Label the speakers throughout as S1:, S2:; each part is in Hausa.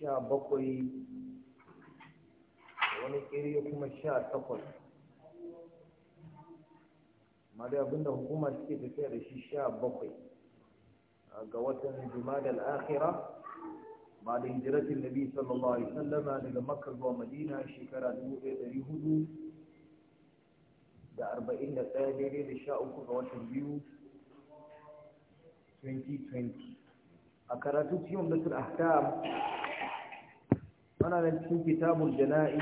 S1: sha bakwai wani ƙirya kuma sha takwas amma dai abinda hukuma suke tafiya da shi sha bakwai ga watan jumadal akhira ba da hijiratin nabi sallallahu alaihi sallama daga makar zuwa madina shekara 1400 da 41 daidai da sha uku ga watan biyu 2020 a karatu ciwon da ahkam ana nan cikin kitabul jana'i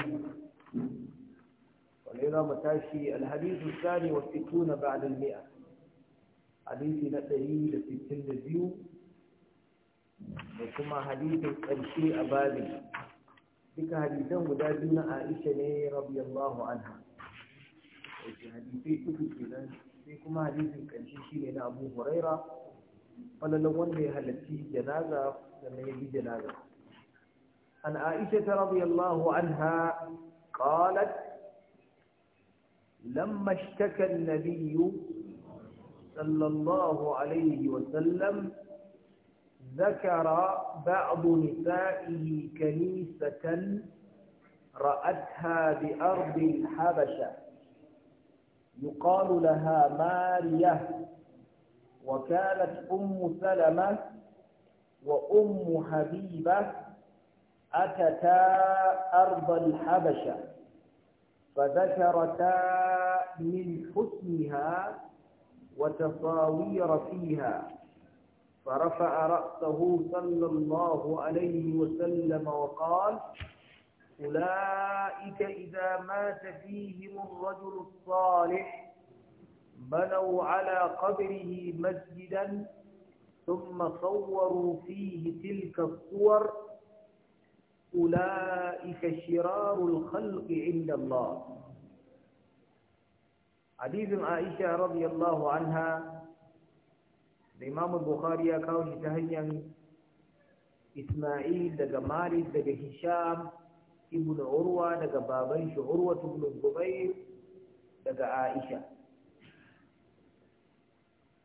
S1: wani za mu tashi alhadisu sani wa fituna ba'd al-mi'a hadisi na 162 da da biyu. kuma hadisin ƙarshe a babin duka hadisan guda biyu na Aisha ne radiyallahu anha wace hadisai uku kenan sai kuma hadisin ƙarshe shi ne na Abu Huraira falalan wanda ya halarci janaza sannan ya bi janaza عن عائشة رضي الله عنها قالت لما اشتكى النبي صلى الله عليه وسلم ذكر بعض نسائه كنيسة رأتها بأرض الحبشة يقال لها مارية وكانت أم سلمة وأم حبيبة أتتا أرض الحبشة فذكرتا من حسنها وتصاوير فيها فرفع رأسه صلى الله عليه وسلم وقال أولئك إذا مات فيهم الرجل الصالح بنوا على قبره مسجدا ثم صوروا فيه تلك الصور أولئك شرار الخلق عند الله حديث عائشة رضي الله عنها الإمام البخاري يقول تهيا إسماعيل دقى مالك دقى هشام ابن عروة دقى بابنش عروة بن الزبير دقى عائشة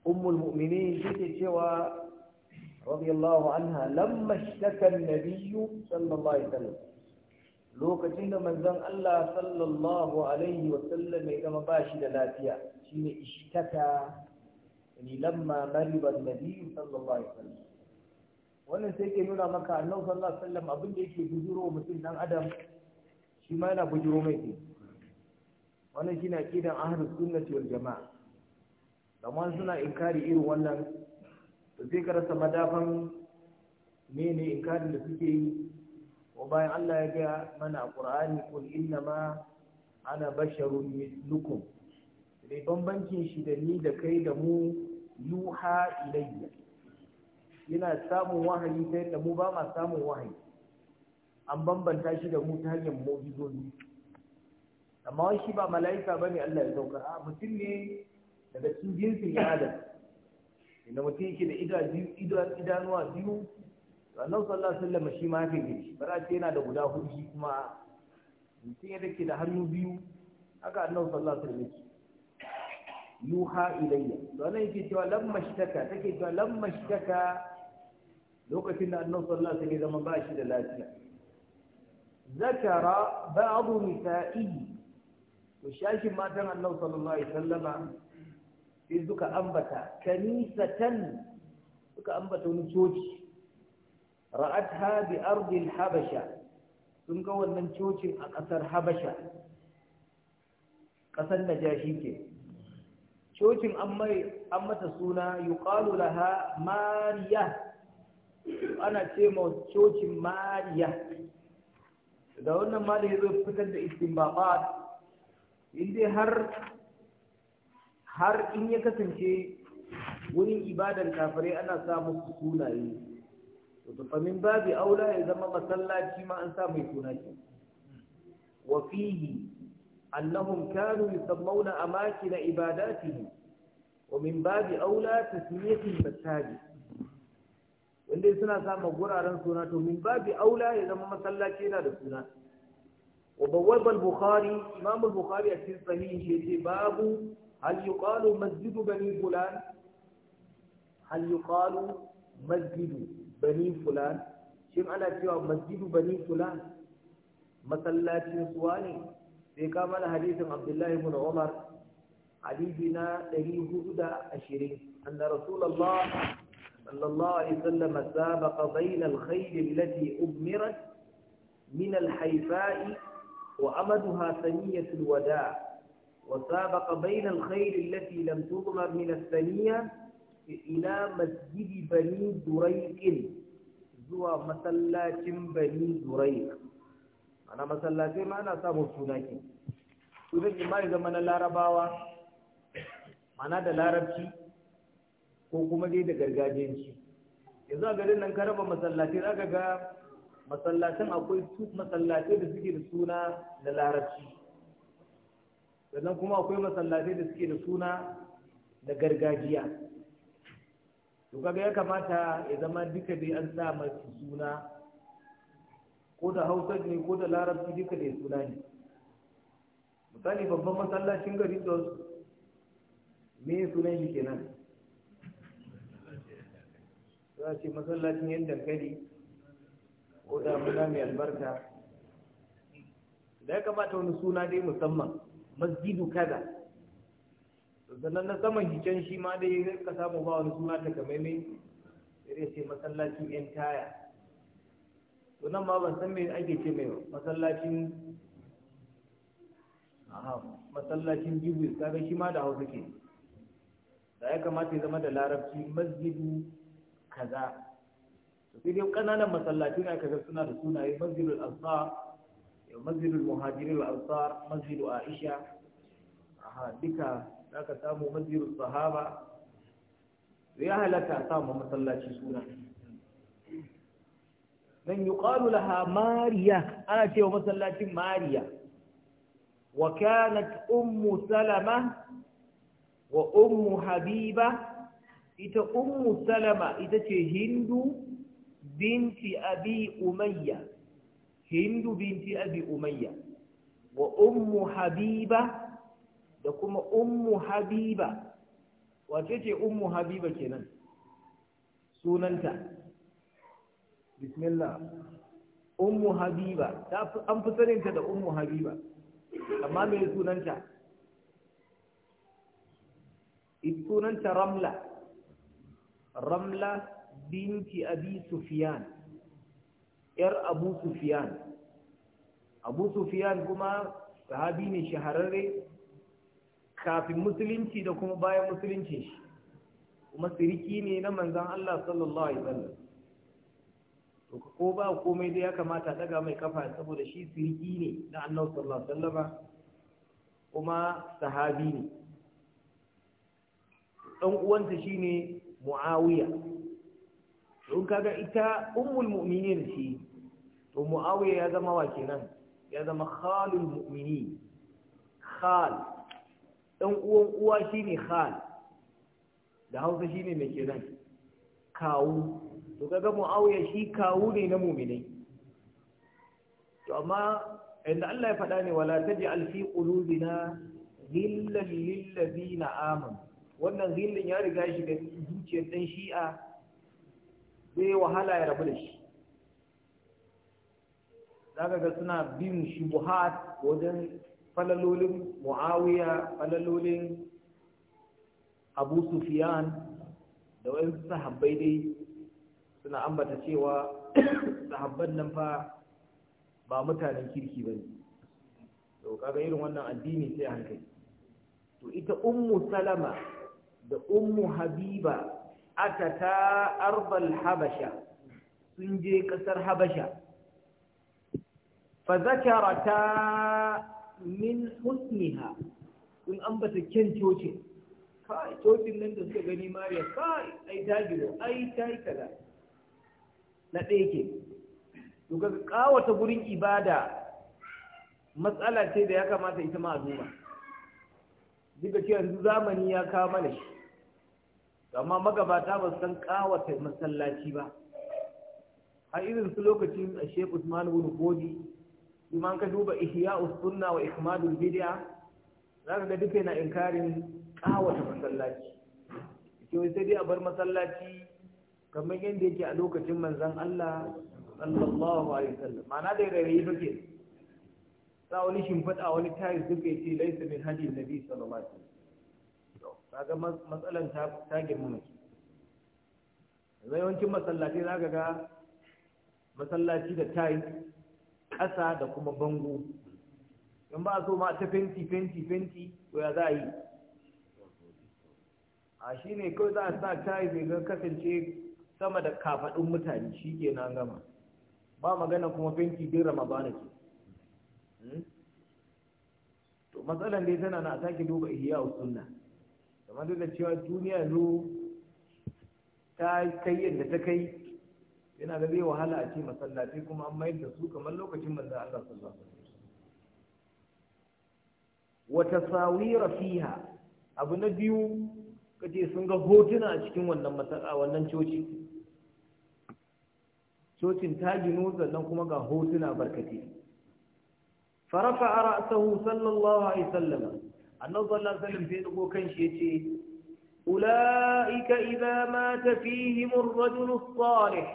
S1: أم المؤمنين جئت شوى رضي الله عنها لما اشتكى النبي صلى الله عليه وسلم lokacin da manzon Allah sallallahu alaihi wa sallam ya gama bashi da lafiya shine ishtaka ni lamma mariba annabi sallallahu alaihi wa sallam wannan sai ke nuna maka annabi sallallahu alaihi wa abin da yake bujuro mutum dan adam shi ma yana bujuro mai ne wannan shine aqidan ahlus sunnati wal jamaa kamar suna inkari irin wannan to sai madafan mene inkarin da suke yi wa bayan Allah ya gaya mana a Qur'ani kul inna ma ana basharun mislukum dai bambancin shi da ni da kai da mu yuha ilayya yana samun wahayi sai da mu ba ma samun wahayi an bambanta shi da mu ta hanyar mu'jizozi amma shi ba mala'ika bane Allah ya sauka a mutum ne daga cikin jinsin ya adam inda mutum yake da idanuwa biyu annabi sallallahu alaihi wasallam shi ma haka yake ba za ce yana da guda hudu shi kuma mutum ya take da hannu biyu haka annabi sallallahu alaihi wasallam yake yuha ilayya to nan yake cewa lamma shtaka take cewa lamma taka. lokacin da annabi sallallahu alaihi wasallam zama ba shi da lafiya zakara ba'd nisa'ihi to shashi matan annabi sallallahu alaihi wasallama sai suka ambata kanisatan suka ambata wani coci ha bi ardil habasha sun ga wannan cocin a ƙasar habasha ƙasar najashi ke cocin an mata suna yuqalu laha mariya ana ce ma cocin mariya da wannan mariya zai ya fitar da istinbaqat in dai har har in ya kasance wurin ibadan kafare ana sa musu sunaye to famin babi aula ya zama masallaci ma an sa mai suna ce wa fihi annahum kanu yusammuna amakin ibadatihim wa min babi aula tasmiyatul masajid wanda suna samun guraren suna to min babi aula ya zama masallaci yana da suna wa bawwal bukhari imam bukhari a cikin sahihin shi ce babu هل يقال مسجد بني فلان هل يقال مسجد بني فلان شيم على جواب مسجد بني فلان مسلاتي سواني في كامل حديث عبد الله بن عمر حديثنا دهي هدى أشرين أن رسول الله صلى الله عليه وسلم سابق بين الخيل التي أمرت من الحيفاء وأمدها ثنية الوداع وسابق بين الخير التي لم تضمر من الثانية إلى مسجد بني دريق زوا مسلات بني دريق أنا مسلات ما أنا سامو سوناكي وذلك ما إذا من اللارباوة أنا دا لاربشي ko kuma dai da gargajiyanci yanzu a garin nan ka raba masallatai za ka ga masallatan akwai su masallatai da suke da suna na larabci sannan kuma akwai masallatai da suke da suna da gargajiya to kaga ya kamata ya zama duka dai an sa masu suna ko da hausa ne ko da larabci duka dai suna ne misali babban masallacin gari dos me sunan shi kenan za ce masallacin yan dankali ko da muna mai albarka da ya kamata wani suna dai musamman masjidu kaza sannan na saman can shi ma dai ka samu ba wani suna ta kamar mai sai ce masallacin yan taya to nan ma ban san me ake ce mai masallacin aha masallacin jibril kaga shi ma da hausa ke da ya kamata ya zama da larabci masjidu kaza to sai dai kananan masallaci ne ga suna da sunaye masjidul aqsa masjidul muhajirin al'asar masjidu aisha a duka za ka samu masjidul sahaba ya halatta a samu masallaci suna dan yuqalu laha mariya ana cewa masallacin mariya wa kanat ummu salama wa ummu habiba ita ummu salama ita ce hindu binti abi umayya hindu binti abi umayya wa ummu habiba da kuma ummu habiba wace ce ummu habiba kenan sunanta bismillah ummu habiba an fi saninta da ummu habiba amma mai sunanta sunanta ramla ramla binti abi sufiyan. yar abu sufiyan abu sufiyan kuma sahabi ne shahararre kafin musulunci da kuma bayan musulunci shi kuma siriki ne na manzan Allah sallallahu alaihi wasallam to ko ba komai da ya kamata daga mai kafa saboda shi siriki ne na Allah sallallahu alaihi wasallam kuma sahabi ne Ɗan uwanta shi ne Muawiya don kaga ita ummul mu'minin ce to muawiya ya zama wa kenan ya zama khalul mu'mini khal dan uwan uwa shine khal da hausa shine mai kenan kawu to kaga muawiya shi kawu ne na mu'minai to amma inda Allah ya faɗa ne wala taj'al fi qulubina ghillan lil ladina amanu wannan ghillin ya riga shi da zuciyar dan shi'a zai wahala ya rabu da shi zaka ga suna bin shubuhat wajen falalolin muawiya falalolin abu sufiyan da wasu sahabbai dai suna ambata cewa sahabban nan fa ba mutanen kirki ba ne to kaga irin wannan addini sai hankali to ita ummu salama da ummu habiba atata arbal habasha sun je ƙasar habasha Fa zakarata min husniha sun ambata kyan cocin kai cocin nan da suka gani mariya kai ai ta gido ai ta yi kaza na ɗaya ke to ga kawata gurin ibada matsala ce da ya kamata ita ma a duba duk da yanzu zamani ya kawo mana shi amma magabata ba san kawata masallaci ba a irin su lokacin a shek usman bin godi kuma ka duba ihya sunna wa ikmadul bid'a ka ga duka yana inkarin kawata masallaci to sai dai a bar masallaci kamar yadda yake a lokacin manzon Allah sallallahu alaihi wasallam ma'ana da rayi fake sa wani shimfada wani tayi duka yace laisa min hadin nabi sallallahu alaihi wasallam kaga matsalan ta girma mace yanzu yawancin masallaci za ka ga masallaci da tayi ƙasa da kuma bango in ba so ma ta fenti fenti fenti to ya za a yi a shi ne kawai za a sa tayi zai ga kasance sama da kafaɗin mutane shi ke na gama ba magana kuma fenti din ramadana ke hmm? to matsalan dai tana na a sake duba ihya sunna kamar da cewa duniya zo ta kai yadda ta kai yana da zai wahala a ce masallatai kuma an mayar da su kamar lokacin manzan Allah sallallahu alaihi wata sawira fiha abu na biyu kace sun ga hotuna a cikin wannan masaka wannan coci cocin ta ginu sannan kuma ga hotuna barkati farafa ra'sahu sallallahu alaihi wasallam annabi sallallahu alaihi wasallam sai dugo kan shi yace ulaika idza mata fihim ar-rajul salih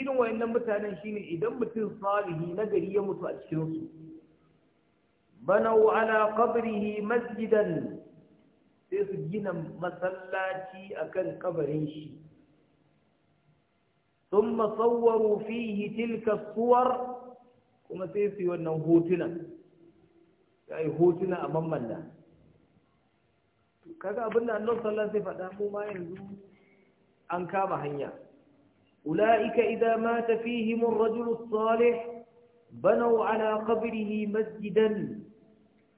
S1: Idan wayannan mutanen shine idan mutum salihi na gari ya mutu a cikin su banau ala qabrihi masjidan sai su gina masallaci akan kabarin shi thumma sawwaru fihi tilka suwar kuma sai su yi wannan hotunan ya yi hotuna a nan. kaga abin da annabi sallallahu alaihi faɗa mu ma yanzu an kama hanya ulaika idza mata fihim ar-rajul salih banaw ala qabrihi masjidan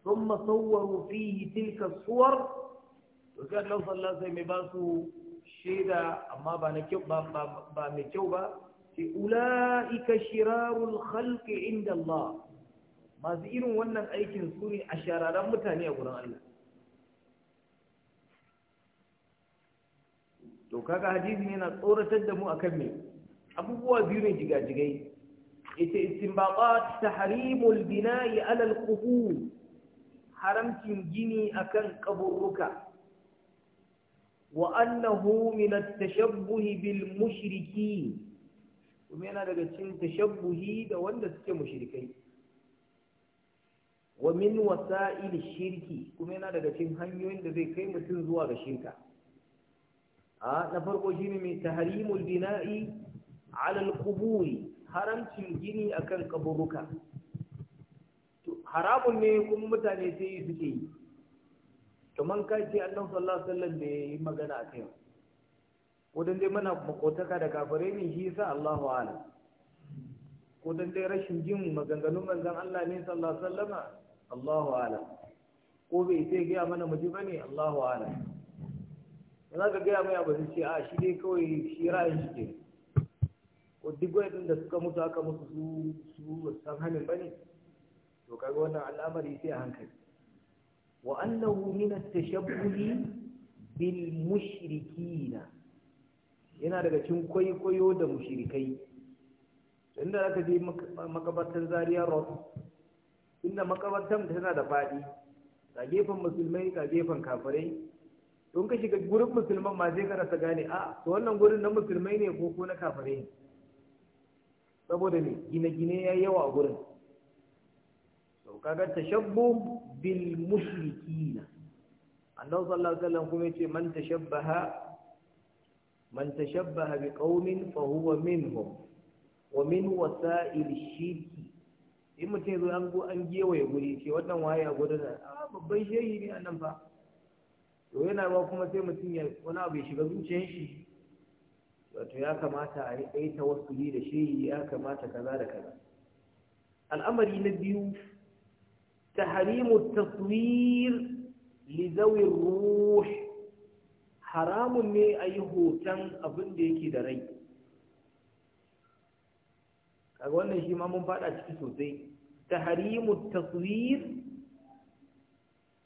S1: thumma sawwaru fihi tilka suwar to sai annabi sallallahu alaihi mai basu shaida amma ba na kyau ba ba mai kyau ba ce ulaika shirarul khalqi inda Allah masu irin wannan aikin su ne a shararan mutane a gurin Allah to kaga hadisi yana tsoratar da mu akan me abubuwa biyu ne jigajigai ita istinbaqat tahrimul bina'i ala al-qubur haramcin gini akan kaburuka wa annahu min at-tashabbuh bil mushriki kuma yana daga cikin tashabbuhi da wanda suke mushrikai wa min wasa'il shirki kuma yana daga cikin hanyoyin da zai kai mutum zuwa ga shirka na farko shine mai tahrimul bina'i ala al qubur haramcin gini akan kaburuka haramun ne kuma mutane sai suke yi to man kai ce Allah sallallahu alaihi wasallam da yi magana a kai ko dan dai muna makotaka da kafare ne shi yasa Allahu a'lam ko dan dai rashin jin maganganun manzon Allah ne sallallahu alaihi wasallama Allahu a'lam ko bai sai ga mana muji bane Allahu a'lam ba za ka gaya mai abu zai ce a shi dai kawai shi ra'ayin shi ke ko duk wani da suka mutu aka musu su su san hannun ba ne to kaga wannan al'amari sai a hankali wa annahu min at-tashabbuhi bil mushrikina yana daga cikin kwaikwayo da mushrikai inda aka je makabartar Zaria Road inda makabartar tana da fadi ga gefen musulmai ga gefen kafirai Don ka shiga gurin musulman ma sai ka rasa gane a to wannan gurin na musulmai ne ko ko na kafare ne saboda ne gine-gine ya yawa a gurin to kaga tashabbu bil mushrikina annabi sallallahu alaihi wasallam kuma yace man tashabbaha man tashabbaha bi qaumin fa huwa minhum wa min wasa'il shirki in mutum zo an go an gewaye guri ce wannan waye a gurin a babban shehi ne annan fa to yana ruwa kuma sai mutum ya wani abu ya shiga zuciyar shi wato ya kamata a yi ta wasu da shi ya kamata kaza da kaza al'amari na biyu ta Harimu taswir li zawi ruhi haramun ne a yi hoton abin da yake da rai kaga wannan shi ma mun fada ciki sosai Ta Harimu taswir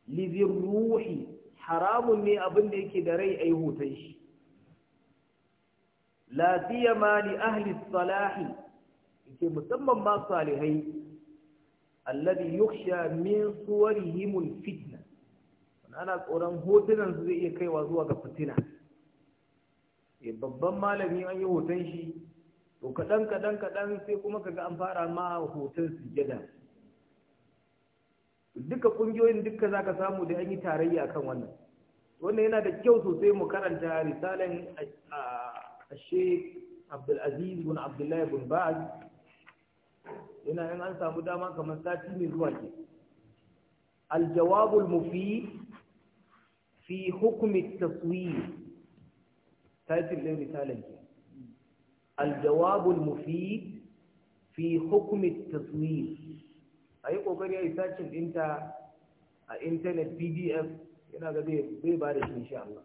S1: li ruhi haramun ne abin da yake da rai a yi hoton shi lafiya ma ni ahli salahi ke musamman ma salihai alladhi yuksha min himun fitna ana tsoron hotunan su zai iya kaiwa zuwa ga fitina eh, babban malami an yi hoton shi to kaɗan kaɗan kaɗan sai kuma kaga an fara ma hoton sujada duka kungiyoyin duka zaka samu da an yi tarayya kan wannan wannan yana da kyau sosai mu karanta risalan Ashe Abdul Aziz bin Abdullah bin Baz yana yin an samu dama kamar sati mai zuwa ke al-jawabul mufi fi hukmi taswir title din risalan ke al-jawabul mufi fi hukmi taswir a yi ƙoƙari a yi sacin ɗinta a intanet pdf yana ga zai ba da shi insha Allah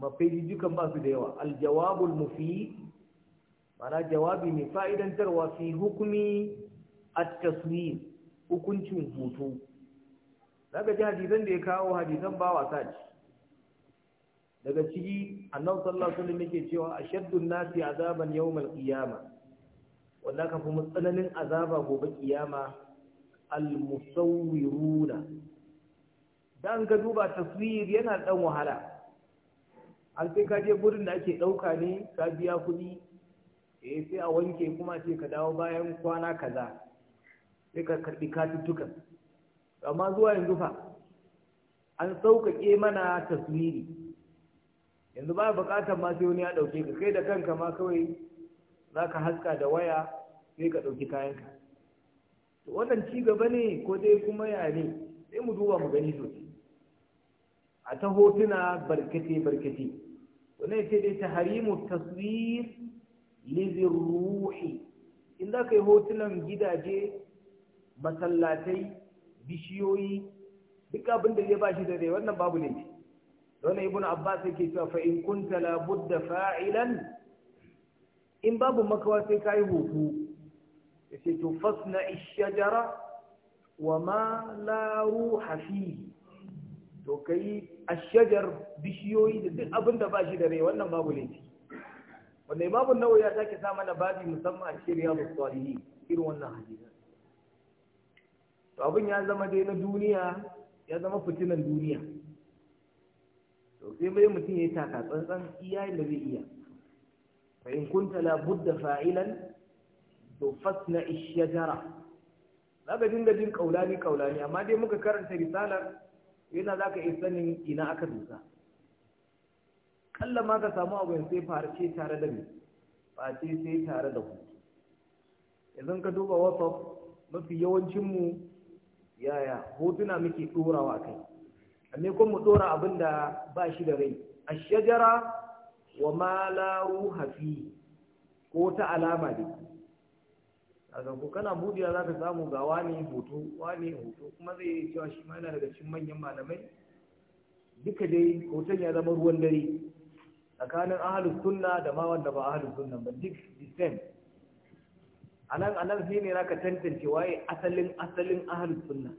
S1: kuma dukan ba su da yawa aljawabul mufi mana jawabi mai fa'idantarwa fi hukumi a taswim hukuncin hoto daga ji hadisan da ya kawo hadisan ba wasa ce daga ciki annabi sallallahu alaihi wasallam yake cewa ashaddun nasi azaban yawmal qiyama wanda ka fi tsananin azaba gobe kiyama al-musawwiruna dan ga duba taswir yana dan wahala an sai ka je gurin da ake dauka ne ka biya kuɗi eh sai a wanke kuma sai ka dawo bayan kwana kaza sai ka karbi katuttuka amma zuwa yanzu fa an sauƙaƙe mana taswiri yanzu ba buƙatar ma sai wani ya ɗauke ka kai da kanka ma kawai za ka haska da waya sai ka ɗauki kayanka to wannan ci gaba ne ko dai kuma ya ne sai mu duba mu gani sosai a ta hotuna barkate barkate wannan ce dai taharimu taswir li ruhi in za ka yi hotunan gidaje masallatai bishiyoyi duk abinda da zai ba shi da dai, wannan babu ne don ibn abbas yake cewa fa in kunta la budda fa'ilan in babu makawa sai kai hutu yace to fasna ishajar wa ma la to ka yi a shajar bishiyoyi da duk abin da ba shi da rai wannan babu laifi wanda imamu nawawi ya sake sa mana babi musamman a cikin riyadu salihin irin wannan hadisin to abin ya zama dai na duniya ya zama fitinan duniya to sai bai mutum ya taka tsantsan iya da zai iya fa in kunta la budda fa'ilan to fasna ishajara za ka dinga jin kaulani kaulani amma dai muka karanta risalar yana za ka iya sanin ina aka dusa kalla ma ka samu abin sai farce tare da mai face sai tare da ku yanzu ka duba whatsapp mafi yawancinmu yaya hotuna muke ɗorawa kai amma kuma mu ɗora abin da ba shi da rai a shajara wa ma la ko ta alama da daga ko kana budiya zaka samu ga wani hoto wani hoto kuma zai yi cewa shi ma yana daga cikin manyan malamai duka dai hoton ya zama ruwan dare tsakanin ahlus sunna da ma wanda ba ahlus sunna ba duk the same anan anan sai ne zaka tantance waye asalin asalin ahlus sunna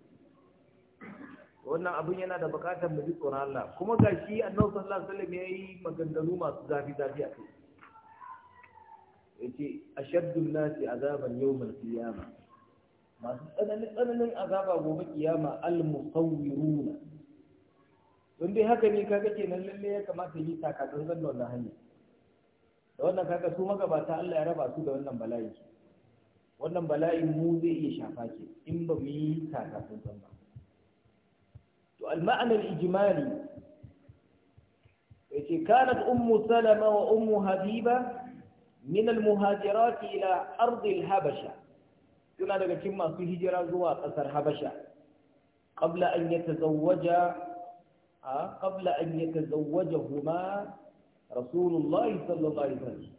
S1: wannan abun yana da bukatar mu ji tsoron Allah kuma gashi annabi sallallahu alaihi wasallam yayi maganganu masu zafi zafi a kai yace ashaddu nasi azaban yawmal qiyama masu tsananin tsananin azaba gobe kiyama al musawwiruna don dai haka ne kaga kenan lalle ya kamata yi takatsantsan da wannan hanya da wannan kaga su magabata Allah ya raba su da wannan bala'i wannan bala'i mu zai iya shafa ki? in ba mu yi takatsantsan ba to al ma'ana al ijmali yace kanat ummu salama wa ummu habiba min al-muhajirat ila ard al-habasha suna daga cikin masu hijira zuwa kasar habasha qabla an yatazawwaja qabla an yatazawwajahuma rasulullah sallallahu alaihi wasallam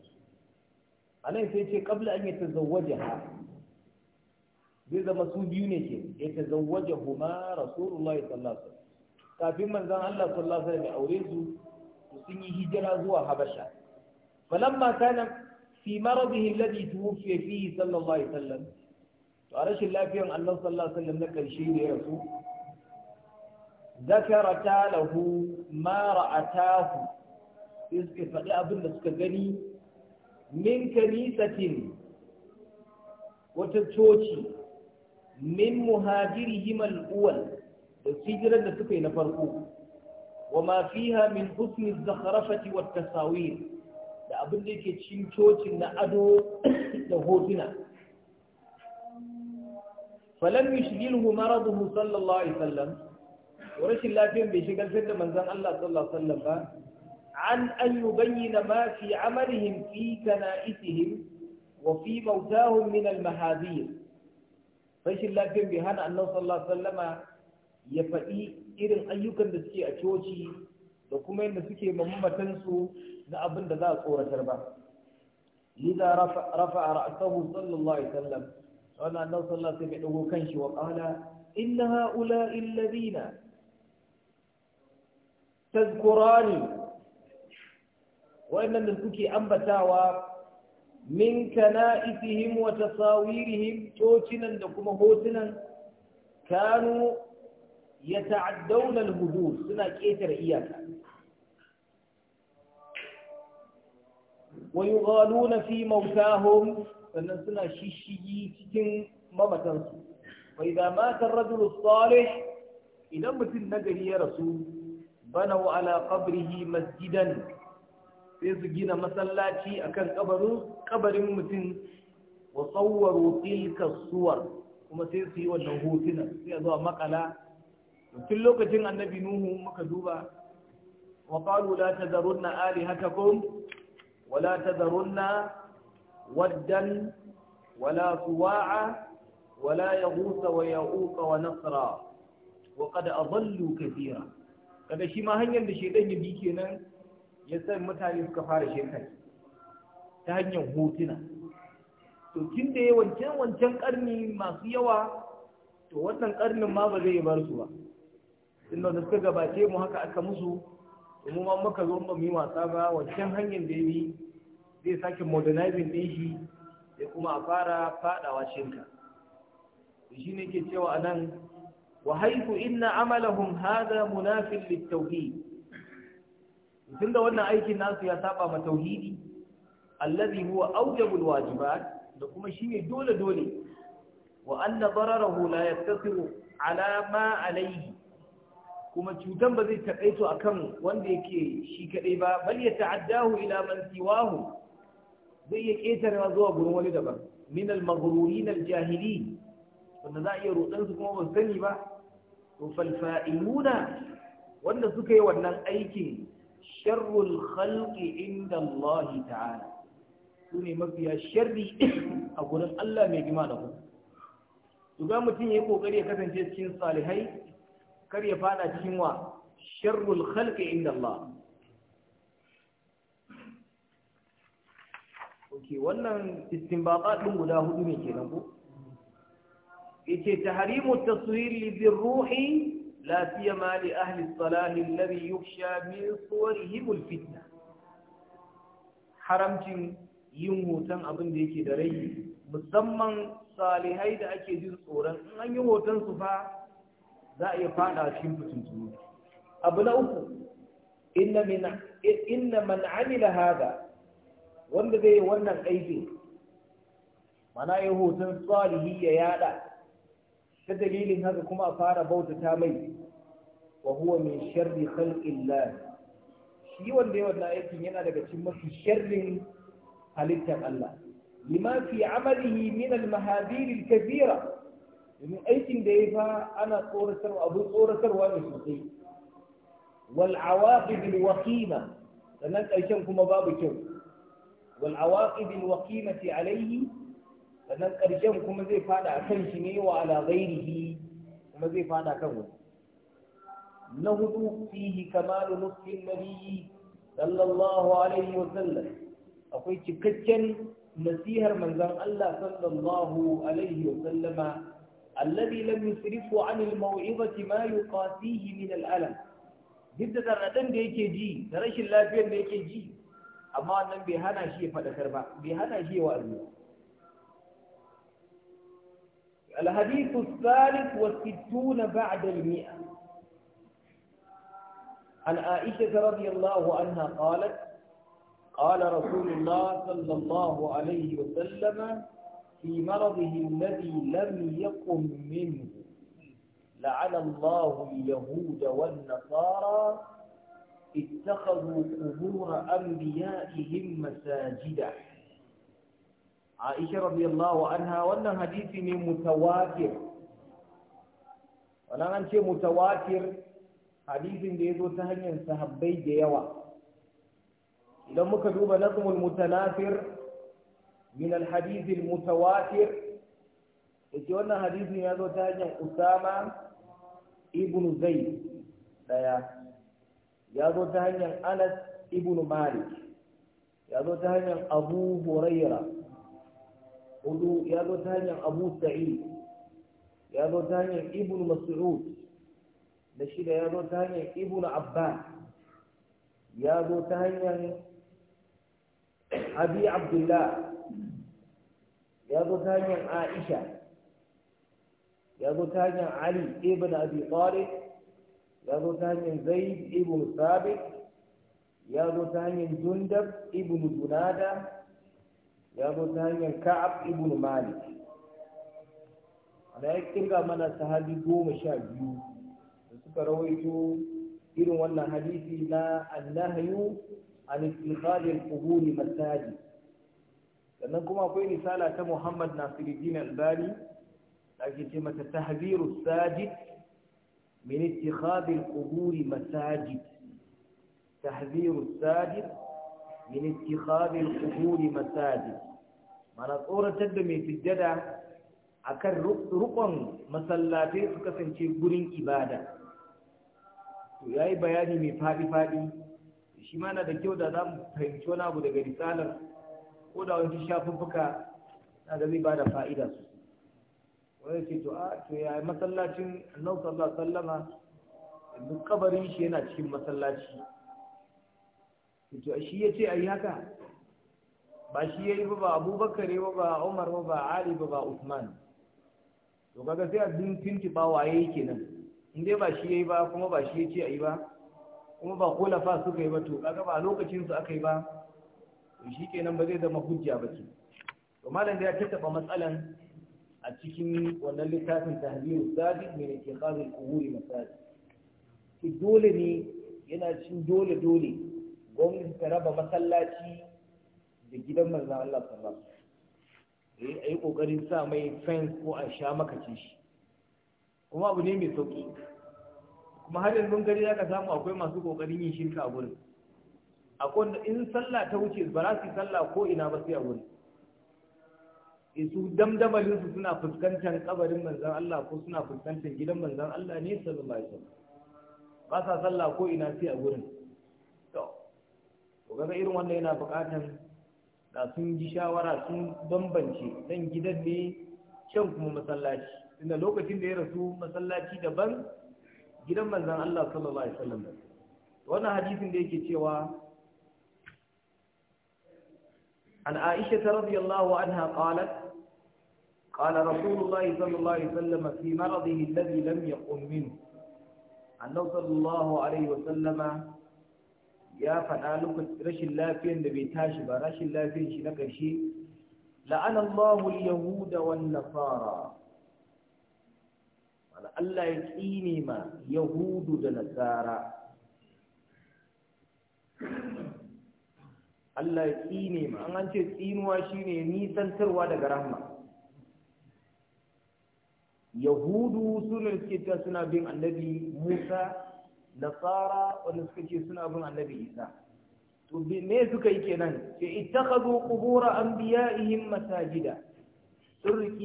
S1: anan sai ce qabla an yatazawwajaha zai zama su biyu ne ke yatazawwajahuma rasulullah sallallahu alaihi wasallam kafin manzon Allah sallallahu alaihi wasallam ya aure su sun yi hijira zuwa habasha falamma kana fi maradihi alladhi tuwfiya fihi sallallahu alaihi wasallam to a rashin lafiyar Allah sallallahu alaihi wasallam na karshe da ya rasu zakarata lahu ma ra'atahu sai suka faɗi abin da suka gani min kanisatin wata coci min muhajirihim Himal awwal da hijirar da suke na farko wa ma fiha min husni az-zakhrafati wat-tasawir da abin da yake cikin cocin na ado da hotuna falam yushghilhu maraduhu sallallahu alaihi wasallam rashin lafiyan bai shigaltar da manzan Allah sallallahu alaihi ba an an yubayyana ma fi amalihim fi kana'isihim wa fi mawtahum min rashin lafiyan bai hana annan sallallahu alaihi ya faɗi irin ayyukan da suke a coci da kuma yadda suke mamatansu na abin da za a tsoratar ba liza rafa a ra'asahu sallallahu alaihi wasallam wannan annabi sallallahu alaihi wasallam ya kanshi wa qala inna haula alladhina tazkurani wa'annan da kuke ambatawa min kana'ifihim wa tasawirihim tocinan da kuma hotunan kanu yata'addawna al-hudud suna ƙetare iyaka wa yughaluna fi mautahum sannan suna shishigi cikin mamatansu Bai damata mata ar-rajulu idan mutum nagari ya rasu banau ala qabrihi masjidan sai su gina masallaci a kan kabarin mutum wa sawwaru kuma sai su yi wannan hotuna sai zuwa makala tun lokacin annabi nuhu muka duba wa na la tazarunna alihatakum ولا تذرن ودا ولا سواعا ولا يغوث ويعوق ونصرا وقد أضلوا كثيرا kada shi ma hanyar da shaidan ya bi kenan ya san mutane suka fara shirka ta hanyar hotuna to kin da ya wancan wancan karni masu yawa to wannan karnin ma ba zai bar su ba inda da suka gabace mu haka aka musu domin muka zo ba mu yi wasa ba wancan hanyar da yi zai sake modernizing din shi da kuma a fara fadawa shirka shi ne ke cewa nan wa haifu inna amalahum hada munafin littauhid tun da wannan aikin nasu ya saba ma tauhidi allazi huwa aujabul wajibat da kuma shine dole dole wa anna dararahu la yattasiru ala ma alayhi kuma cutan ba zai taƙaito a kan wanda yake shi kaɗai ba bal ya ta'addahu ila man siwahu zai iya ƙetarewa zuwa gurin wani daban min al maghrurin al jahili wanda za a iya roɗan su kuma ba sani ba to falfa'iluna wanda suka yi wannan aikin sharrul khalqi inda Allah ta'ala su ne mafiya sharri a gurin Allah mai gima da ku to ga mutum ya yi kokari ya kasance cikin salihai kar ya fada cikin wa sharrul khalqi inda Allah okay wannan istinbata din guda hudu ne kenan ko yace tahrimu taswir li ruhi la siyama li ahli salah alladhi yukhsha min suwarihim al haramcin yin hoton abin da yake da rai musamman salihai da ake jin tsoron in an yi hoton su fa za a iya fada cikin fitintunu abu na uku inna man amila wanda zai yi wannan aiki mana ya hoton tsarihi ya yada ta dalilin haka kuma a fara bautata mai wa huwa min sharri khalqillah shi wanda ya wannan aikin yana daga cikin mafi sharrin halittar Allah lima fi amalihi min al-mahadir al-kabira domin aikin da ya fa ana tsoratarwa abin tsoratarwa ne sosai wal awaqib al waqima sannan ƙarshen kuma babu kyau wal awaqib al waqimati alayhi sannan ƙarshen kuma zai fada akan shi ne wa ala ghairihi kuma zai fada kan wani na hudu fihi kamalu nufsin nabiyyi sallallahu alaihi wa sallam akwai cikakken nasihar manzon Allah sallallahu alaihi wa sallama الذي لم يصرف عن الموعظة ما يقاسيه من الألم duk da دي كي جي ji da rashin lafiyar جي أما ji amma wannan bai hana shi ya faɗakar الحديث الثالث والستون بعد المئة عن عائشة رضي الله عنها قالت قال رسول الله صلى الله عليه وسلم في مرضه الذي لم يقم منه لعن الله اليهود والنصارى اتخذوا قبور أنبيائهم مساجدا عائشة رضي الله عنها وأن حديث متواتر وأنا أنت متواتر hadisin da ya zo ta hanyar sahabbai da yawa idan muka duba nazmul mutanafir min alhadith almutawatir yace wannan hadisin ya zo ta hanyar Usama ibn Zaid daya ya zo ta hanyar Anas ibnu Malik ya zo ta hanyar Abu Huraira ya zo ta hanyar Abu Sa'id ya zo ta hanyar Ibn Mas'ud da shida ya zo ta hanyar Ibn Abbas ya zo ta hanyar abi abdullah ya zo ta hanyar aisha ya zo ta hanyar ali ibn abi talib ya zo ta hanyar zaid ibn sabit ya zo ta hanyar jundab ibn junada ya zo ta hanyar ka'ab ibn malik ana ya kinga mana sahabi goma sha biyu da suka rawaito irin wannan hadisi na annahayu an ittikhadil quburi masajid sannan kuma akwai risala ta Muhammad Nasiruddin Albani da ake ce mata tahziru sajid min ittikhadil quburi masajid tahziru sajid min ittikhadil quburi masajid mana tsoratar da mai sujjada akan rukun masallatai su kasance gurin ibada to yayi bayani mai fadi fadi shi ma na da kyau da za mu fahimci wani abu daga risalar ko da wani shafuffuka na da zai ba da fa'ida su wani ce to a to ya masallacin annabi sallallahu alaihi sallama? duk kabarin shi yana cikin masallaci to shi ya ce a yi haka ba shi ya yi ba abubakar ba ba umar ba ba ali ba ba usman to kaga sai a dun ba waye yake nan in dai ba shi ya yi ba kuma ba shi ya ce a yi ba kuma ba fa suka yi ba to kaga ba lokacin su aka yi ba to shikenan ba zai zama hujja ba ce to malam da ya tattaba matsalan a cikin wannan littafin tahziru sadi min ittikhazil quburi masajid ki dole ne yana cin dole dole gwamnati ta raba masallaci da gidan manzon Allah sallallahu alaihi wasallam eh ayi kokarin sa mai fence ko a sha makace shi kuma abu ne mai sauki kuma har yanzu gari za ka samu akwai masu kokarin yin shirka a gurin akwai in sallah ta wuce ba za su yi sallah ko ina ba sai a gurin eh, su damdamalin su suna fuskantar kabarin manzon Allah ko suna fuskantar gidan manzon Allah ne su alaihi wasallam ba sa sallah ko ina sai a gurin to ko ga irin wannan yana buƙatar da sun ji shawara sun bambance dan gidan ne can kuma masallaci inda lokacin da ya rasu masallaci daban gidan manzan Allah sallallahu alaihi wasallam wannan hadisin da yake cewa an Aisha ta radiyallahu anha qalat qala rasulullah sallallahu Alaihi wasallam fi وسلم alladhi lam yaqum min يقم sallallahu أنه wasallam ya faɗa lokacin rashin lafiyan da bai tashi ba rashin lafiyan shi na ƙarshe la'anallahu alyahuda wan nasara ta'ala Allah ya tsine ma yahudu da nasara Allah ya tsine ma an ce tsinuwa shine nisantarwa daga rahma yahudu suna suke ta suna bin annabi musa nasara wanda suka ce suna bin annabi isa to me suka yi kenan ce ittakhadhu biya anbiya'ihim masajida sun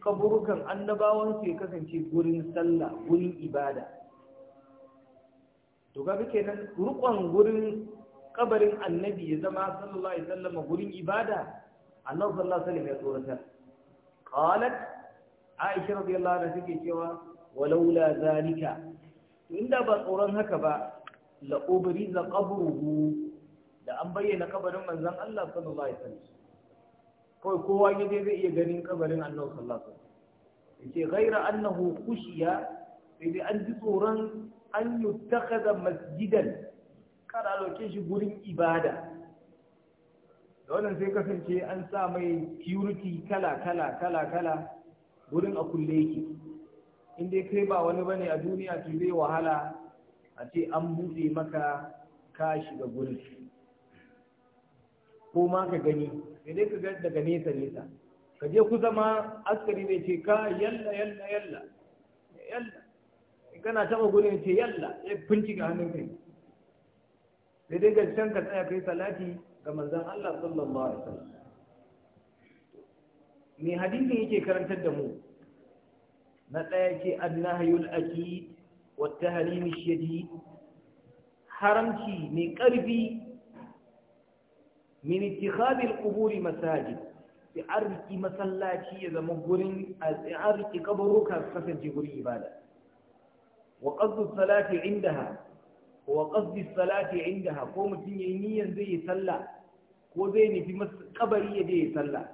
S1: kaburukan annabawansu ya kasance gurin sallah gurin ibada to kaga kenan rukon gurin kabarin annabi ya zama sallallahu alaihi wasallam gurin ibada annabi sallallahu alaihi wasallam ya tsorata qalat aisha radiyallahu anha take cewa walaula zalika inda ba tsoron haka ba la ubriza qabruhu da an bayyana kabarin manzon Allah sallallahu alaihi wasallam kawai kowa ya je zai iya ganin kabarin annabi sallallahu alaihi wasallam yace ghaira annahu khushiya sai dai an ji tsoron an yuttakhadha masjidan kada dauke shi gurin ibada da wannan sai kasance an sa mai purity kala kala kala kala gurin a kulle yake in dai kai ba wani bane a duniya to zai wahala a ce an buɗe maka ka shiga gurin ko ma ka gani sai dai ka ga daga nesa nesa ka je kusa ma askari ne ce ka yalla yalla yalla yalla kana taba gurin ce yalla ya finci ga hannun kai sai dai ga can ka tsaya kai salati ga manzon Allah sallallahu alaihi wasallam me hadisin yake karantar da mu na ɗaya ce annahayul akid wa tahrim shadid haramci mai ƙarfi min ittikhadhi al-quburi masajid sai arziki masallaci ya zama gurin arziki kabaruka su kasance gurin ibada wa qasdu salati indaha wa qasdi salati indaha ko mutum yayi niyyar zai yi sallah ko zai nufi kabari ya je yi sallah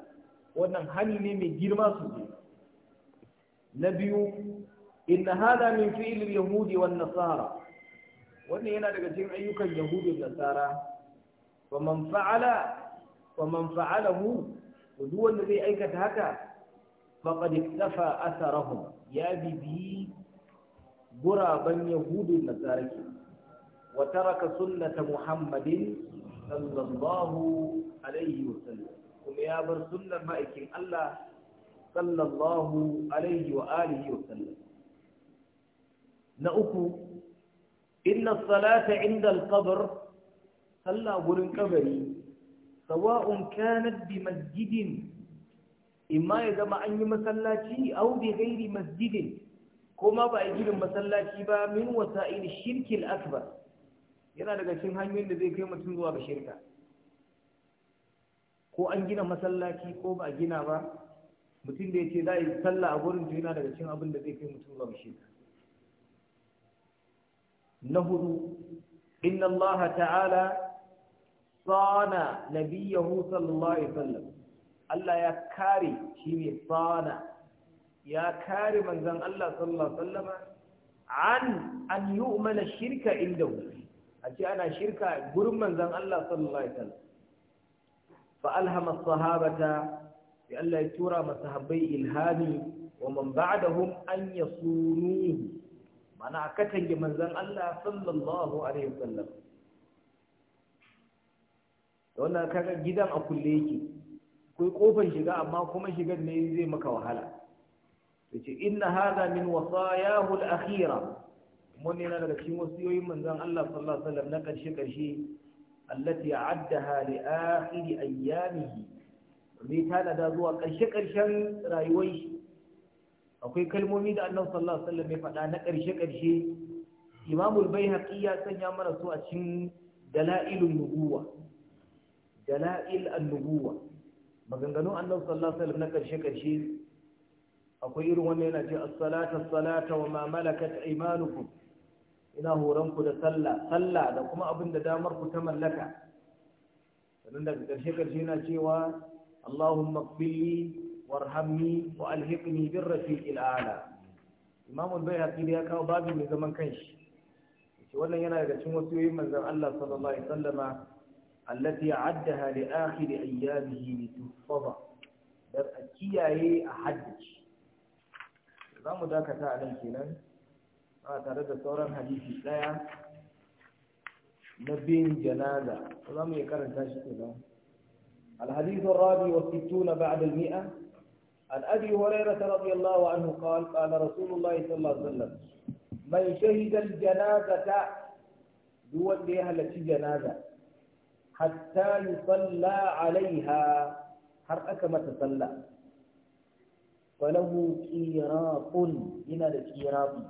S1: wannan hani ne mai girma su sosai na biyu inna hada min fi'l yahudi wan nasara wannan yana daga cikin ayyukan yahudi da nasara wa man fa'ala wa man duk wanda zai aikata haka faqad iktafa atharahum ya bibi guraban yahudu da nasaraki wa taraka sunnata muhammadin kuma ya bar sunnar ma'aikin Allah sallallahu alaihi wa alihi na uku inna salata inda al-qabr sallah gurin kabari sawa'un kanat bi masjidin imma ya zama an yi masallaci au bi ghairi masjidin ko ba a gidan masallaci ba min wasa'il shirkil akbar yana daga cikin hanyoyin da zai kai mutum zuwa ga shirka ko an gina masallaci ko ba a gina ba mutum da ya ce za a yi sallah a gurin juna daga cikin abin da zai kai mutum zuwa ga shirka na hudu inna Allaha ta'ala sana nabiyahu sallallahu alaihi wasallam Allah ya kare shi ne sana ya kare manzon Allah sallallahu alaihi wasallam an an yu'mana shirka indahu a ce ana shirka gurin manzon Allah sallallahu alaihi wasallam fa alhama sahabata bi Allah ya tura masahabbai ilhami wa man ba'dahum an yasunuhu mana katange manzon Allah sallallahu alaihi wasallam da wannan kaga gidan a kulle yake kai kofar shiga amma kuma shigar ne zai maka wahala yace inna hadha min wasayahu al-akhira mun yana daga cikin wasiyoyin manzon Allah sallallahu alaihi wasallam na karshe karshe allati addaha li akhir ayyamihi zai tanada zuwa karshe karshen rayuwar shi akwai kalmomi da Annabi sallallahu alaihi wasallam ya faɗa na karshe karshe Imam al ya sanya mana su a cikin dalailun nubuwa dala'il annubuwa maganganun annabi sallallahu alaihi wasallam na karshe karshe akwai irin wannan yana ce as-salata as-salata wa ma malakat aymanukum ina horon ku da sallah sallah da kuma abin da damar ku ta mallaka sannan daga karshe karshe yana cewa Allahumma qbilli warhamni wa alhiqni bir rafiqil a'la Imam al-Baihaqi ya kawo babu mai zaman kanshi wannan yana daga cikin wasu yoyin manzon Allah sallallahu alaihi wasallama التي عدها لآخر أيامه لتحفظ در أكياي أحدج زام ذاك تعلم كلام أعترض صورا حديث لا نبين جنازة زام يكرر تاشي كلام الحديث الرابع والستون بعد المئة عن أبي هريرة رضي الله عنه قال قال رسول الله صلى الله عليه وسلم من شهد الجنازة دول ليها التي جنازة hatta yusalla alaiha har aka mata sallah falahu qiratun yana da qiratu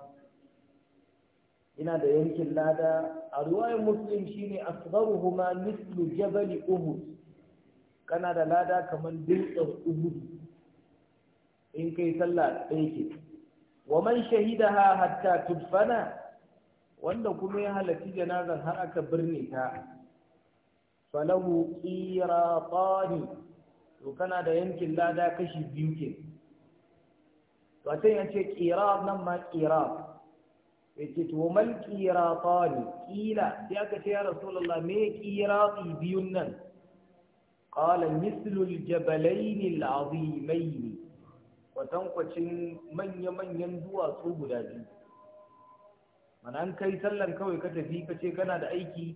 S1: yana da yankin lada a ruwayar muslim shine asgharuhuma mislu jabal uhud kana da lada kamar dutsen uhud in kai sallah ɗaya ke wa man ha hatta tudfana wanda kuma ya halarci janazar har aka birne ta falahu qiratani to kana da yankin lada kashi biyu ke to sai an ce qirat nan ma qirat yace to mal qiratani qila sai aka ce ya rasulullah me qirati biyun nan qala mithlu al-jabalayn al-azimayn kwatankwacin manya-manyan duwatsu guda biyu manan an kai sallar kawai ka tafi ka ce kana da aiki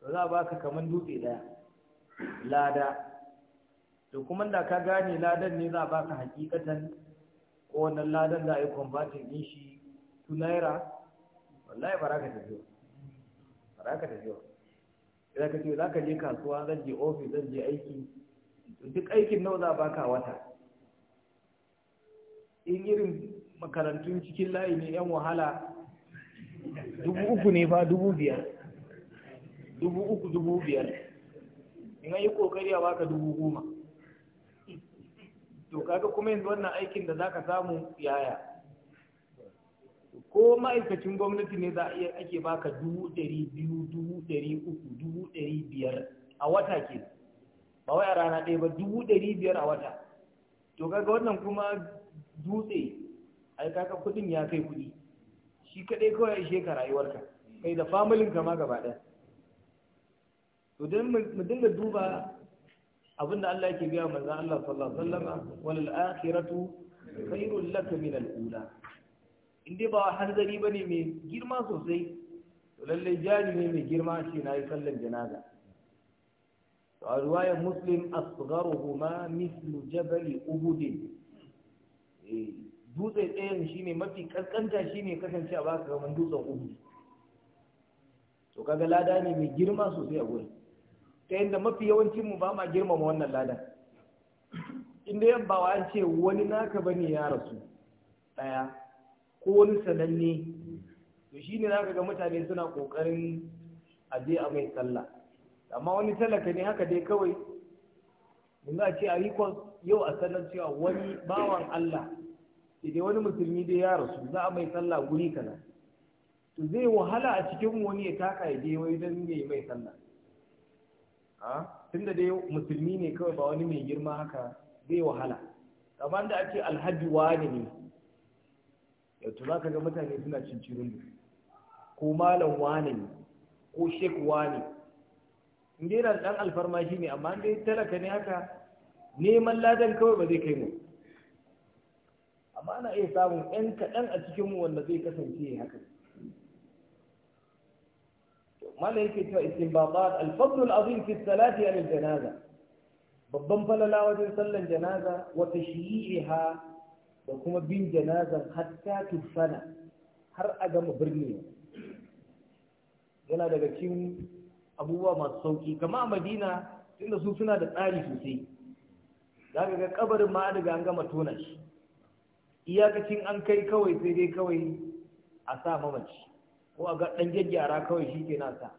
S1: to za a baka kaman dutse daya lada to kuma da ka gane ladan ne za a baka hakikatan ko wannan ladan za a yi kwambatin din shi tu naira wallahi baraka ta tafi baraka ta ka tafi idan ka ce za ka je kasuwa zan je ofis zan je aiki duk aikin nawa za a baka wata in irin makarantun cikin layi ne yan wahala dubu uku ne ba dubu biyar dubu uku dubu biyar in an yi kokari a baka dubu goma to kaga kuma yanzu wannan aikin da zaka samu yaya ko ma'aikacin gwamnati ne za iya ake baka dubu ɗari biyu dubu ɗari uku dubu ɗari biyar a wata ke ba wai a rana ɗaya ba dubu ɗari biyar a wata to kaga wannan kuma dutse ai kaga kuɗin ya kai kuɗi shi kaɗai kawai ishe ka rayuwarka kai da familin kama gaba ɗaya to dan mu dinga duba abinda Allah yake gaya manzo Allah sallallahu alaihi wasallam wal akhiratu khairul lak min al ula inda ba hanzari bane mai girma sosai to lalle jani ne mai girma shi nayi sallan janaza to a riwayar muslim ma mithlu jabal uhud eh, dutse ɗayan shine mafi kankanta shine kasance a baka mun dutsen uhud to kaga lada ne mai girma sosai a gurin ta yadda mafi yawancin mu ba ma girmama wannan ladan inda yan ba an ce wani naka bane ya rasu ɗaya ko wani sananne to shine zaka ga mutane suna kokarin a je a mai sallah amma wani talaka ne haka dai kawai mun za a ce a rikon yau a sanar cewa wani bawan Allah idan wani musulmi dai ya rasu za a mai sallah guri kaza to zai wahala a cikin wani ya taka ya je wai don mai mai sallah tun da dai musulmi ne kawai ba wani mai girma haka zai wahala kamar da ake alhaji wani ne yato za ka ga mutane suna cincirin da ko malam wani ne ko shek wani in dai dan alfarma shi ne amma dai talaka ne haka neman ladan kawai ba zai kai mu amma ana iya samun ɗan kaɗan a cikinmu wanda zai kasance haka mana yake cewa istinbatat al-fadl al-azim fi salati al janaza babban falala wajen sallan janaza wa tashyi'iha da kuma bin janazan hatta tufana har a gama birni yana daga cikin abubuwa masu sauki kama a madina tunda su suna da tsari sosai za ga kabarin ma daga an gama tona shi iyakacin an kai kawai sai dai kawai a sa mamaci ko a ga ɗan gyaggyara kawai shi ke nasa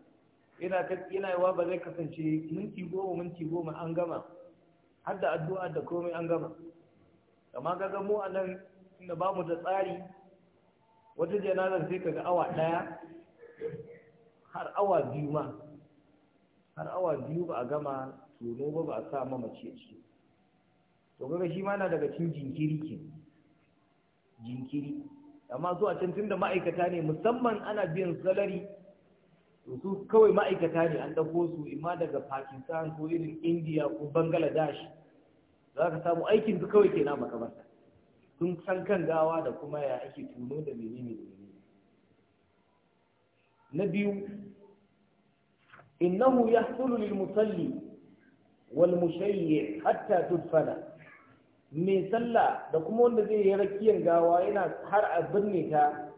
S1: yana yana yawa ba zai kasance minti goma minti goma an gama har da addu'a da komai an gama amma ga mu a nan inda ba mu da tsari wata janazar sai kaga awa ɗaya har awa biyu ma har awa biyu ba a gama tono ba ba a sa mamaci ce to kaga shi ma na daga cikin jinkiri ke jinkiri amma zuwa can tunda ma'aikata ne musamman ana biyan salari to su kawai ma'aikata ne an ɗauko su imma daga pakistan ko irin india ko bangladesh za ka samu aikin su kawai ke na makabarta sun san kan gawa da kuma ya ake tuno da menene da na biyu innahu yahsulu lil musalli wal mushayyi hatta tudfana mai sallah da kuma wanda zai yi rakiyar gawa yana har a birne ta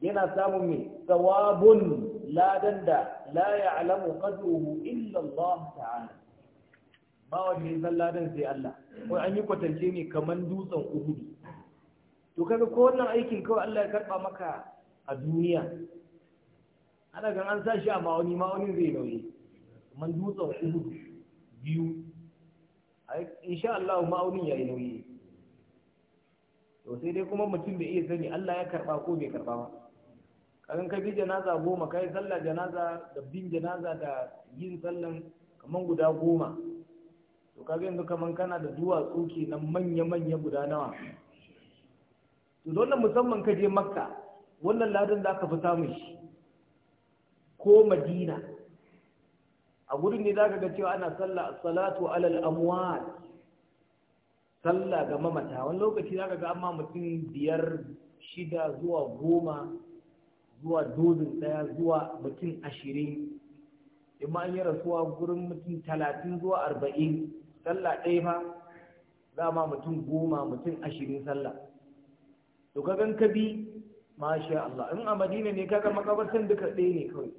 S1: yana samun mai tsawabun ladan da la ya alamu kaduhu illallah. ta'ala ba wa mai san ladan sai Allah ko an yi kwatance ne kamar dutsen uhudu to kaga ko wannan aikin kawai Allah ya karba maka a duniya ana gan an sa shi a ma'auni ma'aunin zai nauyi kamar dutsen uhudu biyu insha Allah ma'aunin ya yi nauyi to sai dai kuma mutum bai iya sani Allah ya karba ko bai karba ba kan ka bi janaza goma ka yi sallar janaza da bin janaza da yin sallan kaman guda goma to kaga yanzu kaman kana da duwatsu kenan manya-manya guda nawa to dole musamman ka je makka wannan ladan da aka fi samun shi ko madina a gudun ne ka ga cewa ana sallah salatu alal amwat sallah ga mamata wani lokaci za ka ga amma mutum biyar shida zuwa goma zuwa dozin daya zuwa mutum ashirin ma an yi rasuwa gurin mutum talatin zuwa arba'in sallah ɗaya fa za ma mutum goma mutum ashirin sallah to ka gan ka bi masha Allah in a madina ne ka ga makabartan duka ɗaya ne kawai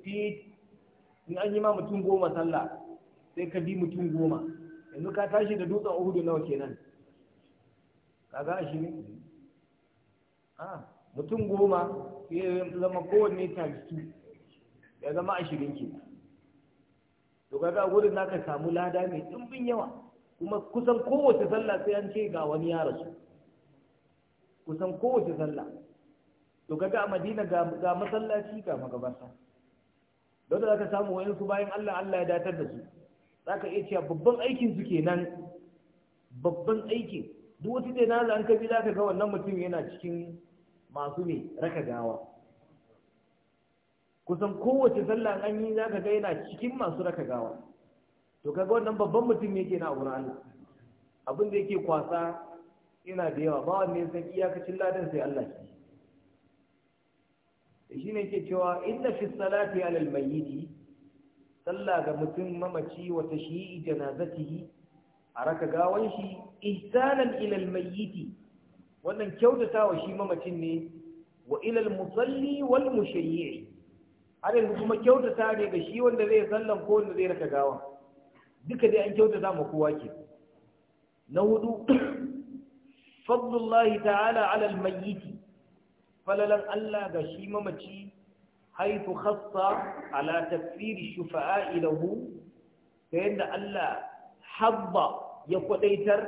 S1: in an yi ma mutum goma sallah sai ka bi mutum goma yanzu ka tashi da dutsen uhudu nawa kenan ka ga shi ne a mutum goma sai zama kowanne times two ya zama ashirin ke to kaga gudun naka samu lada mai ɗumbin yawa kuma kusan kowace sallah sai an ce ga wani ya rasu kusan kowace sallah to kaga a madina ga masallaci ga magabata don da zaka samu wayansu bayan Allah Allah ya datar da su za ka iya cewa babban aikin su kenan babban aikin duk wata da na an za zaka ga wannan mutum yana cikin masu ne raka gawa kusan kowace sallah an yi za ka ga yana cikin masu raka gawa to kaga wannan babban mutum yake na wurin Allah abin da yake kwasa yana da yawa ba wanne san iyakacin ladan sai Allah shi shi ne ke cewa inda fi salati alal mayyiti sallah ga mutum mamaci wa tashyi'i janazatihi a raka gawan shi ihsanan ilal mayyiti wannan wa shi mamacin ne wa ilal musalli wal mushayyi'i har yanzu kuma kyautata ne ga shi wanda zai sallan ko wanda zai raka gawan duka dai an kyautata ma kowa ke na hudu fadlullahi ta'ala alal mayyiti falalan Allah ga shi mamaci haifu khassa ala tafsiri shufa'a ilahu ta yadda Allah habba ya kwadaitar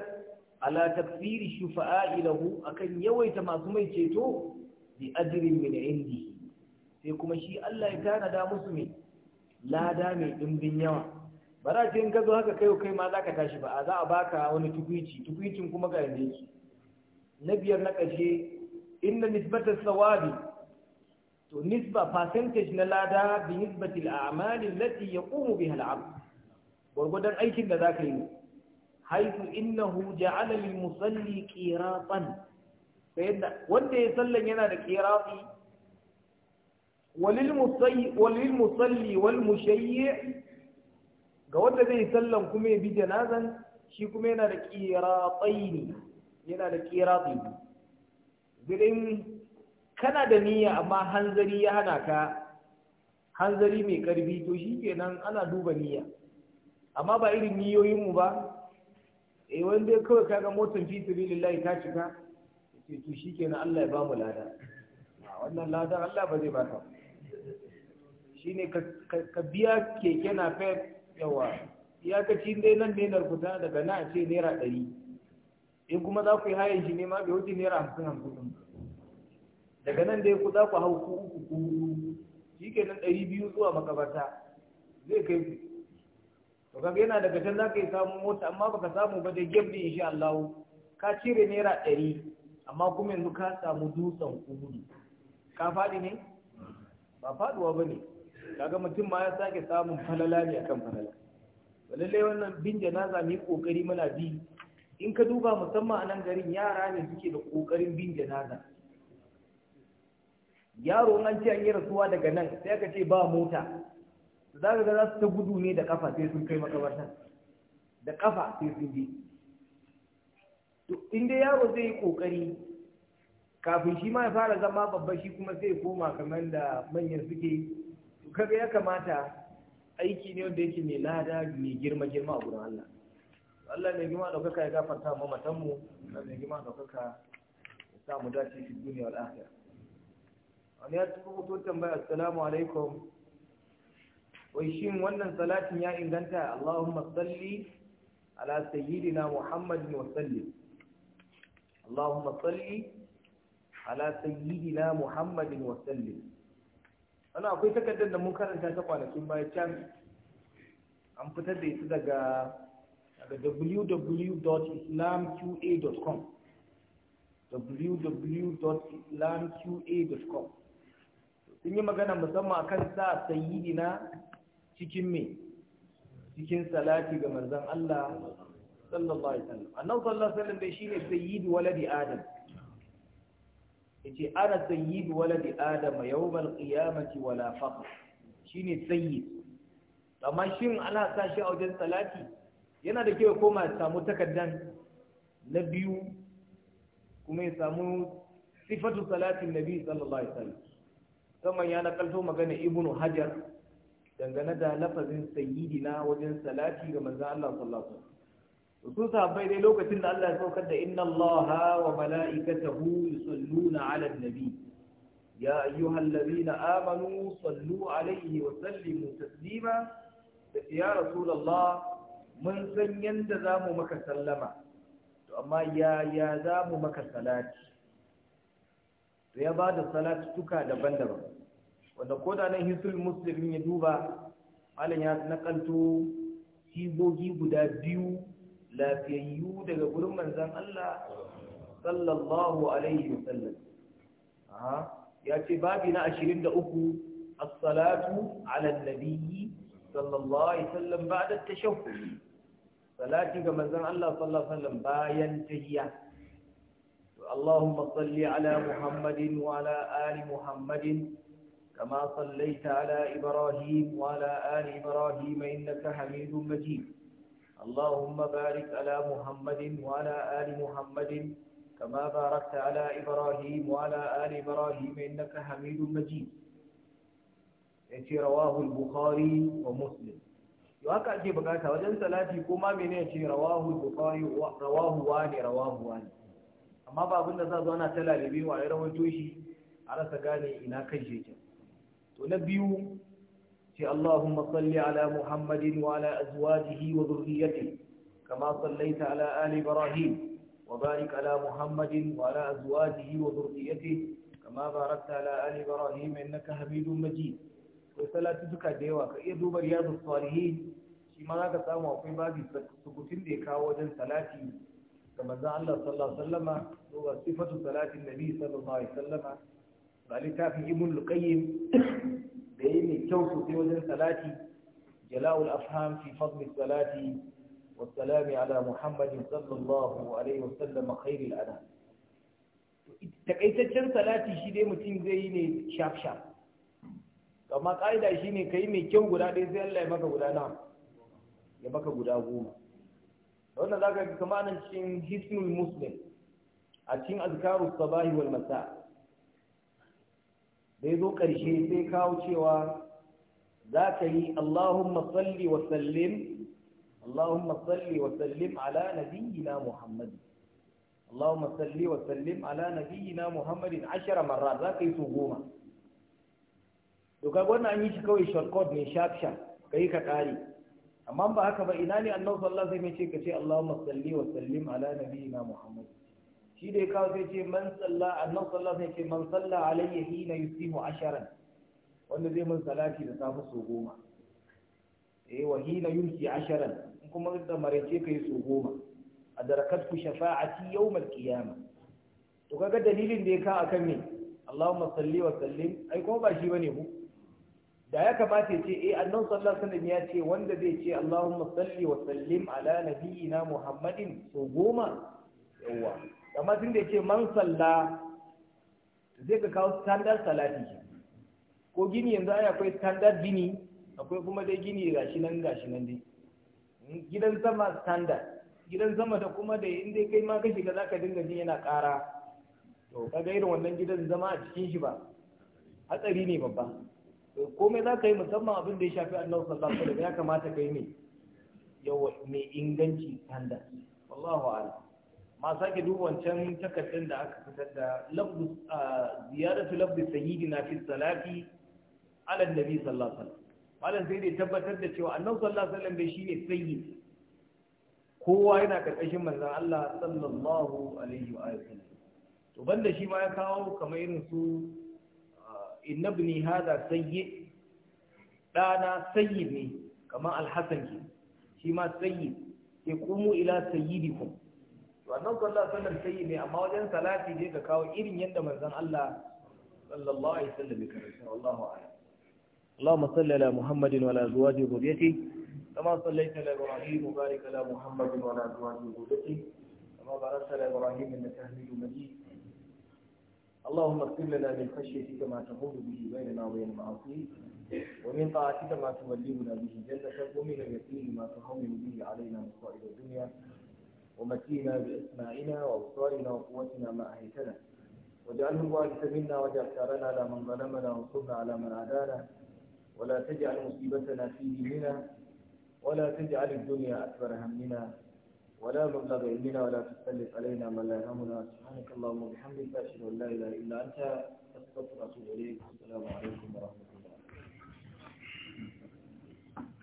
S1: ala tafsiri shufa'a ilahu akan yawaita masu mai ceto bi ajrin min indi sai kuma shi Allah ya da musu mai lada mai dimbin yawa bara ce in ka zo haka kai kai ma zaka tashi ba a za a baka wani tukuici tukuicin kuma ga yanzu na biyar na ƙarshe inna nisbatar sawabi to nisba percentage na lada bi nisbatil a'malin lati yaqumu biha al'abd gurgudan aikin da zaka yi haythu innahu ja'ala lil musalli qiratan sayyida wanda ya sallan yana da qirati walil musalli walil musalli wal mushayyi' ga wanda zai sallan kuma ya bi janazan shi kuma yana da qirataini yana da qirataini domin kana da niyya amma hanzari ya hana ka hanzari mai karfi to shi nan ana duba niyya amma ba irin niyoyinmu ba eh wanda kawai kaga motar fi sabilillahi ta cika to shi nan Allah ya ba mu lada wannan lada Allah ba zai baka shi ne ka biya keke na fayar yawa cin dai nan ne narkuta daga na ce naira ɗari in kuma za ku yi hayan shi ne ma bai wuce naira hamsin hamsin ɗin daga nan dai ku za ku hau ku uku ku huɗu shi nan ɗari biyu zuwa makabarta zai kai ku to kaga yana daga can za ka yi samun mota amma baka samu ba da gem ɗin insha Allah ka cire naira ɗari amma kuma yanzu ka samu dutsen huɗu ka faɗi ne ba faɗuwa ba ne kaga mutum ma ya sake samun falala ne akan falala lallai wannan bin janaza mu yi ƙoƙari muna bi in ka duba musamman a nan garin yara ne suke da ƙoƙarin bin janaza yaro an ce an yi rasuwa daga nan sai aka ce ba mota za ka za su ta gudu ne da kafa sai sun kai makabartar da kafa sai sun bi to inda yaro zai yi ƙoƙari kafin shi ma ya fara zama babba shi kuma sai koma kamar da manyan suke kaga ya kamata aiki ne wanda yake mai lada mai girma girma a gurin Allah Allah mai gima ɗaukaka ya gafarta ma matanmu Allah mai gima ɗaukaka ya sa mu dace shi duniya wal wani ya tafi fito tambaya assalamu alaikum wai shin wannan salatin ya inganta Allahun salli ala na Muhammadin ne wasalli. Allahun salli ala na Muhammadin ne wasalli. Wani akwai takardar da mun karanta ta kwanakin baya can an fitar da ita daga da www.islamqa.com www.islamqa.com sun yi magana musamman akan sa sayyidina cikin me cikin salati ga manzon Allah sallallahu alaihi wasallam annabi sallallahu alaihi wasallam dai shine sayyidu waladi adam yace ana sayyidu waladi adam yawmal qiyamati wala faqr shine sayyid amma shin ana sa shi a wajen salati yana da kyau koma ya samu takardan na biyu kuma ya samu sifatu salatin nabi sallallahu alaihi wasallam saman ya nakalto magana ibnu hajar dangane da lafazin sayyidina wajen salati ga manzon Allah sallallahu alaihi wasallam su sahabbai dai lokacin da Allah ya saukar da inna allaha wa mala'ikatahu yusalluna 'alan nabi ya ayyuhallazina amanu sallu 'alaihi wa sallimu taslima ya rasulullah mun san yadda za mu maka sallama to amma yaya za mu maka salati to ya ba da salatuttuka daban-daban wanda ko da nan hisul muslim ya duba malam ya nakalto sigogi guda biyu lafiyayyu daga gurin manzan Allah sallallahu alaihi wasallam ya ce babi na uku, as-salatu ala an sallallahu alaihi wasallam ba'da at-tashahhud salati ga manzon Allah sallallahu alaihi wasallam bayan tahiyya to Allahumma salli ala Muhammadin wa ala ali Muhammadin kama sallaita ala Ibrahim wa ala ali wa ala yau haka ake bukata wajen salati ko ma mene ya ce rawahu bukhari rawahu wani rawahu wani amma ba abinda za zo ana ta lalibi wa ya rawaito shi a rasa gane ina kan shi yake to na biyu ce Allahumma salli ala Muhammadin wa ala azwajihi wa dhurriyyatihi kama sallaita ala ali Ibrahim wa barik ala Muhammadin wa ala azwajihi wa dhurriyyatihi kama barakta ala ali Ibrahim innaka Hamidum Majid da duka da yawa ka iya duba riyadu salihin shi ma ka samu akwai babi sukutun da ya kawo wajen salati ga manzon Allah sallallahu alaihi wasallama duba sifatu salatin nabi sallallahu alaihi wasallama ga littafin ibn luqayyim da yayi mai kyau sosai wajen salati jala'ul afham fi fadl salati والسلام على محمد صلى الله عليه وسلم خير الأنام تقيتتشن salati shi dai mutum zai yi ne shaf-shaf amma ka'ida ka yi mai kyau guda ɗaya sai Allah ya maka guda nawa ya maka guda goma wannan zaka ga kamar nan cikin hisnul muslim a cikin azkaru sabahi wal masa da yazo karshe sai kawo cewa za ka yi Allahumma salli wa sallim Allahumma salli wa sallim ala nabiyyina Muhammad Allahumma salli wa sallim ala nabiyyina Muhammadin 10 za ka yi su goma to wannan an yi shi kawai shortcut ne sharp sharp kai ka kare amma ba haka ba ina ne annabi sallallahu alaihi wasallam ce ka ce Allahumma salli wa sallim ala nabiyyina Muhammad shi dai ka sai ce man salla annabi sallallahu alaihi wasallam ce man salla alayya hina yusimu asharan wanda zai mun salati da safe so goma eh wa hina yumsi asharan in kuma da marece kai so goma adarakatku shafa'ati yawmal qiyamah to kaga dalilin da ya ka akan me Allahumma salli wa sallim ai ko ba shi bane ku da ya kamata ya ce eh annabi sallallahu alaihi wasallam ya ce wanda zai ce Allahumma salli wa sallim ala nabiyyina Muhammadin so goma yawa amma tun da ce man salla zai ka kawo standard salati ko gini yanzu ai akwai standard gini akwai kuma dai gini gashi nan gashi nan dai gidan sama standard gidan sama da kuma da in dai kai ma ka shiga zaka dinga jin yana ƙara to kaga irin wannan gidan zama a cikin shi ba hatsari ne babba komai za ka yi musamman abin da ya shafi annabi sallallahu alaihi wasallam ya kamata ka yi ne yawa mai inganci tanda wallahu ala ma sake duba wancan takardun da aka fitar da lafzu ziyaratu lafzu sayyidina fi salati ala nabi sallallahu alaihi wasallam malam sai dai tabbatar da cewa annabi sallallahu alaihi wasallam bai shine sayyid kowa yana karkashin manzon Allah sallallahu alaihi wa alihi to banda shi ma ya kawo kamar irin su inna ibni hadha sayyi dana sayyi ne kamar alhasan ke shi ma sayyi sai Kumu ila sayyidikum to annabi sallallahu alaihi wasallam ne amma wajen salati ne kawo irin yadda manzan Allah sallallahu alaihi sallam, ya karanta اللهم صل على محمد وعلى ازواجه وذريته كما صليت على ابراهيم وبارك على محمد وعلى ازواجه وذريته كما باركت على ابراهيم انك حميد مجيد اللهم اغفر لنا من خشيتك ما تحول به بيننا وبين معصيتك ومن طاعتك ما تولينا به جنتك ومن اليقين ما تهون به علينا مصائب الدنيا ومتينا باسماعنا وابصارنا وقوتنا ما اهيتنا واجعله الوارث منا واجعل ثارنا على من ظلمنا وانصرنا على من عادانا ولا تجعل مصيبتنا في ديننا ولا تجعل الدنيا اكبر همنا ولا مبلغ علمنا ولا تسلط علينا من لا يهمنا سبحانك اللهم وبحمدك أشهد أن لا إله إلا أنت أستغفرك وأتوب إليك والسلام عليكم ورحمة الله